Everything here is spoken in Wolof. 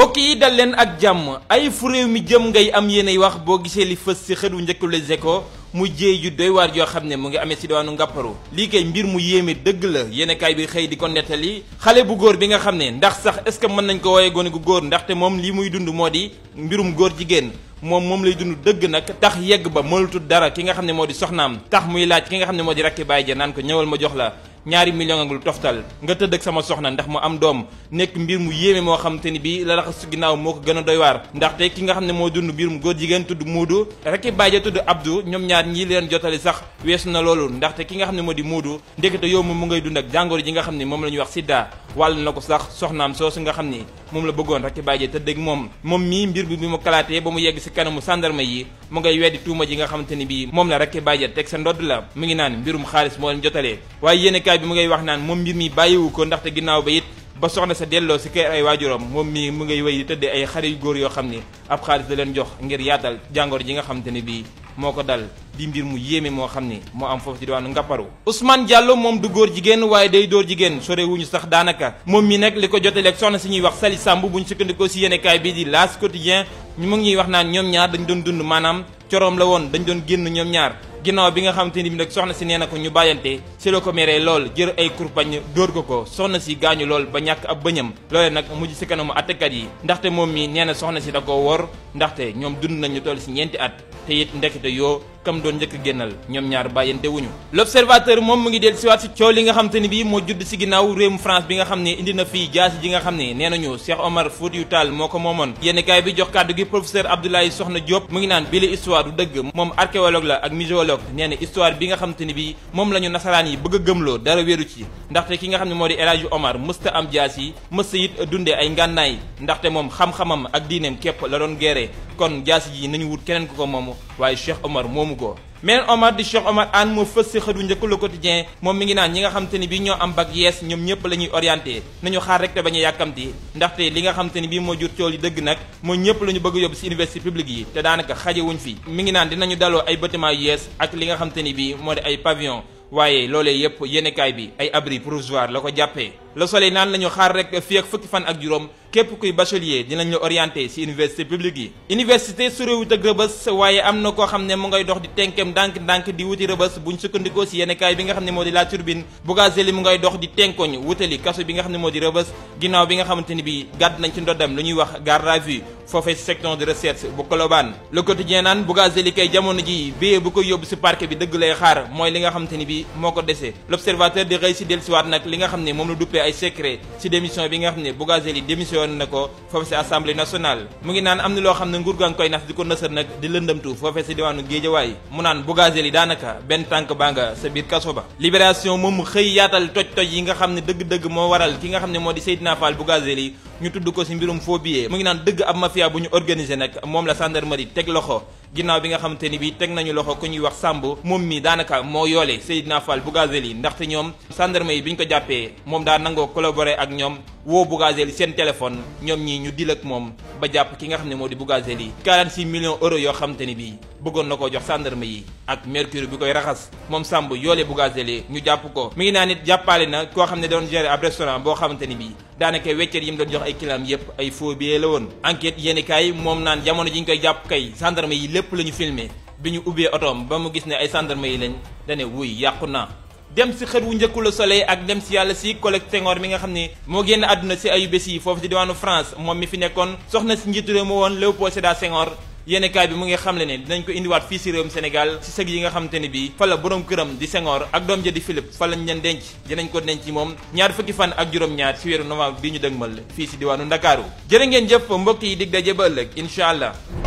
mbokk yi dal leen ak jàmm ay fu mi jëm ngay am yéenay wax boo gisee li fës si xët wu njëkk Les Échos mu jéey ju doy joo yoo xam ne mu ngi amee si diwaanu ngàpparu lii kay mbir mu yéeme dëgg la yéenekaay bi xëy di ko nettali xale bu góor bi nga xam ne ndax sax est-ce que mën nañ ko wooye gone gu góor ndaxte moom li muy dund moo di mbirum góor jigéen moom moom lay dund dëgg nag tax yegg ba mënatul dara ki nga xam ne moo di soxnaam tax muy laaj ki nga xam ne moo di rakki baay ja ko ñëwal ma jox ñaari million ak lu toftal nga tëdd ak sama soxna ndax mu am doom nekk mbir mu yéeme moo xam te ni bii la raxas ginnaaw moo ko gën a doy waar ndaxte ki nga xam ne moo dund mbir mu góor jigéen tudd Moodu rek bàyyi tudd Abdou ñoom ñaar ñi leen jotali sax weesu na loolu ndaxte ki nga xam ne moo di Moodu ndekete yow mu ngay dund ak jàngoro ji nga xam ne moom la ñuy wax sida wàll na ko sax soxnaam soosu nga xam ni moom la bëggoon rek bàyyi tëdd ak moom moom mii mbir bi bi mu kalaatee ba mu yegg si kanamu sàndarma yi mu ngay weddi tuuma ji nga xamante ni bii moom la rek bàyyi teg sa ndodd la mu ngi naan mbirum xaalis moo leen jotalee waaye yéen yëglekaay bi mu ngay wax naan moom mbir mi bàyyiwu ko ndaxte ginnaaw ba it ba soxna sa si kër ay moom mi mu ngay wéy di tëddee ay xale yu góor yoo xam ni ab xaalis da leen jox ngir yaatal jàngoro ji nga xamante ne bii moo ko dal di mbir mu yéeme moo xam ni moo am foofu ci diwaanu Ngapparu Ousmane Diallo moom du góor jigéen waaye day dóor jigéen sore wuñu sax daanaka moom mi nag li ko joteleeg soxna si ñuy wax Sali Samb bu ñu sukkandikoo si yéenekaay bi di L'As Quotidien ñu mu ngi wax naan ñoom ñaar dañ doon dund maanaam coroom la woon dañ doon génn ñoom ñaar ginnaaw bi nga xamante ni bi nag soxna si nee na ko ñu bàyyante si la ko meree lool jër ay kurpañ dóor ko ko soxna si gaañu lool ba ñàkk ab bëñam loolee nag mujj si kanamu attekat yi ndaxte moom mi nee na soxna si da ko wor ndaxte ñoom dund nañu toll si ñeenti at te it ndekete yoo kam doon njëkk génnal ñoom ñaar bàyyante wuñu moom mu ngi del siwaat si coow li nga xam te ni bi moo judd si ginnaaw réewum France bi nga xam ne indi na fii jaasi ji nga xam ne nee nañu Cheikh Omar Foutiyou Tall moo ko moomoon yénn kaay bi jox kàddu gi professeur Abdoulaye Sokhna Diop mu ngi naan bii la histoire du dëgg moom archéologue la ak muséologue nee na histoire bi nga xam te ni bi moom la ñu nasaraan yi bëgg gëmloo dara wéeru ci ndaxte ki nga xam ne moo di El Hadji Omar mësta am jaas yi mësta it dundee ay ngànnaay ndaxte moom xam ak diineem képp la doon géré kon jaasi ji nañu wut keneen ku ko moomu waaye Cheikh Omar moomu ko meneen Omar di Cheikh Omar Anne moo fës si xëdu njëkk Le Quotidien moom mi ngi naan ñi nga xam te ni bii ñoo am bac yees ñoom ñëpp la ñuy orienté nañu xaar rek te bañ a yàkkamti ndaxte li nga xam te ni bii moo jur tool yi dëgg nag moo ñëpp la ñu bëgg yóbbu si université publique yi te daanaka xajewuñ fi mi ngi naan dinañu daloo ay bâtiment yees ak li nga xam te ni bii moo di ay pavillon waaye loolee yëpp yéenekaay bi ay abri provisoire la ko jàppee la soleil naan nañu xaar rek fii ak fukki fan ak juróom képp kuy bachelier dinañ la ci université publique yi université su réewut ak rëbës waaye am na koo xam ne mu ngay dox di tenkem ndànk-ndànk di wuti rëbës buñ sukkandikoo ci yenekaay bi nga xam ne moo di La Tribune Bougazelli mu ngay dox di tenkoñ wutali kaso bi nga xam ne moo di rëbës ginnaaw bi nga xamante ni bi gàdd nañ ci ndoddam lu ñuy wax garde à vue foofee ci de recherche bu Colobane ay secret ci démission bi nga xam ne Bougazelli démissionné na ko foofu ci assemblée nationale mu ngi naan am na loo xam ne nguur gaa ngi koy nas di ko nësër nag di lëndëmtu foofee ci diwaanu Géejawaay mu naan Bougazelli daanaka benn tànk baa nga sa biir kaso ba libération moom xëy yaatal toj-toj yi nga xam ne dëgg-dëgg moo waral ki nga xam ne moo di seyt Seydina Fall Bougazelli ñu tudd ko ci mbirum faux billet mu ngi naan dëgg ab mafia bu ñu organisé nag moom la gendarmerie teg loxo ginnaaw bi nga xamante ni bi teg nañu loxo ku ñuy wax Samb moom mi daanaka moo yoole Seydina Fall Bougazelli ndaxte ñoom gendarme yi bi ñu ko jàppee moom daa nangoo collaborer ak ñoom woo Bougazelli seen téléphone ñoom ñi ñu dil ak moom ba jàpp ki nga xam ne moo di Bougazelli 46 millions euros yoo xamante ni bi bëggoon na koo jox gendarme yi ak mercure bi koy raxas moom Samb yoolee Bougazelli ñu jàpp ko mi ngi naa nit jàppale na koo xam ne doon gérer ab restaurant boo xamante ni bii daanaka weccet yi mu doon jox ay client yëpp ay faux billets la woon enquête yéeni kaay moom naan jamono ji ñu koy jàpp kay gendarme yi lépp la ñu filmé bi ñu ubbee otoom ba mu gis ne ay gendarme yi lañ dane wuy yàqu na dem si xët wu njëkku la soleil ak dem si yàlla si collègue Senghor mi nga xam ne moo génn àdduna si ayu bés yi foofu si moom mi fi nekkoon soxna si njiitu réew mu woon Léopold Sédar Senghor yéenekaay bi mu ngi xam ne dinañ ko indiwaat fii ci réewum Sénégal ci sëg yi nga xamante ne bii fa la borom këram di Senghor ak doom ja di Philippe fa lañ leen denc dinañ ko denc moom ñaar fukki fan ak juróom-ñaar ci weeru novembre bi ñu dëgmal fii ci diwaanu Ndakaaru jërë ngeen jëf mbokk yi dig daje ba ëllëg incha allah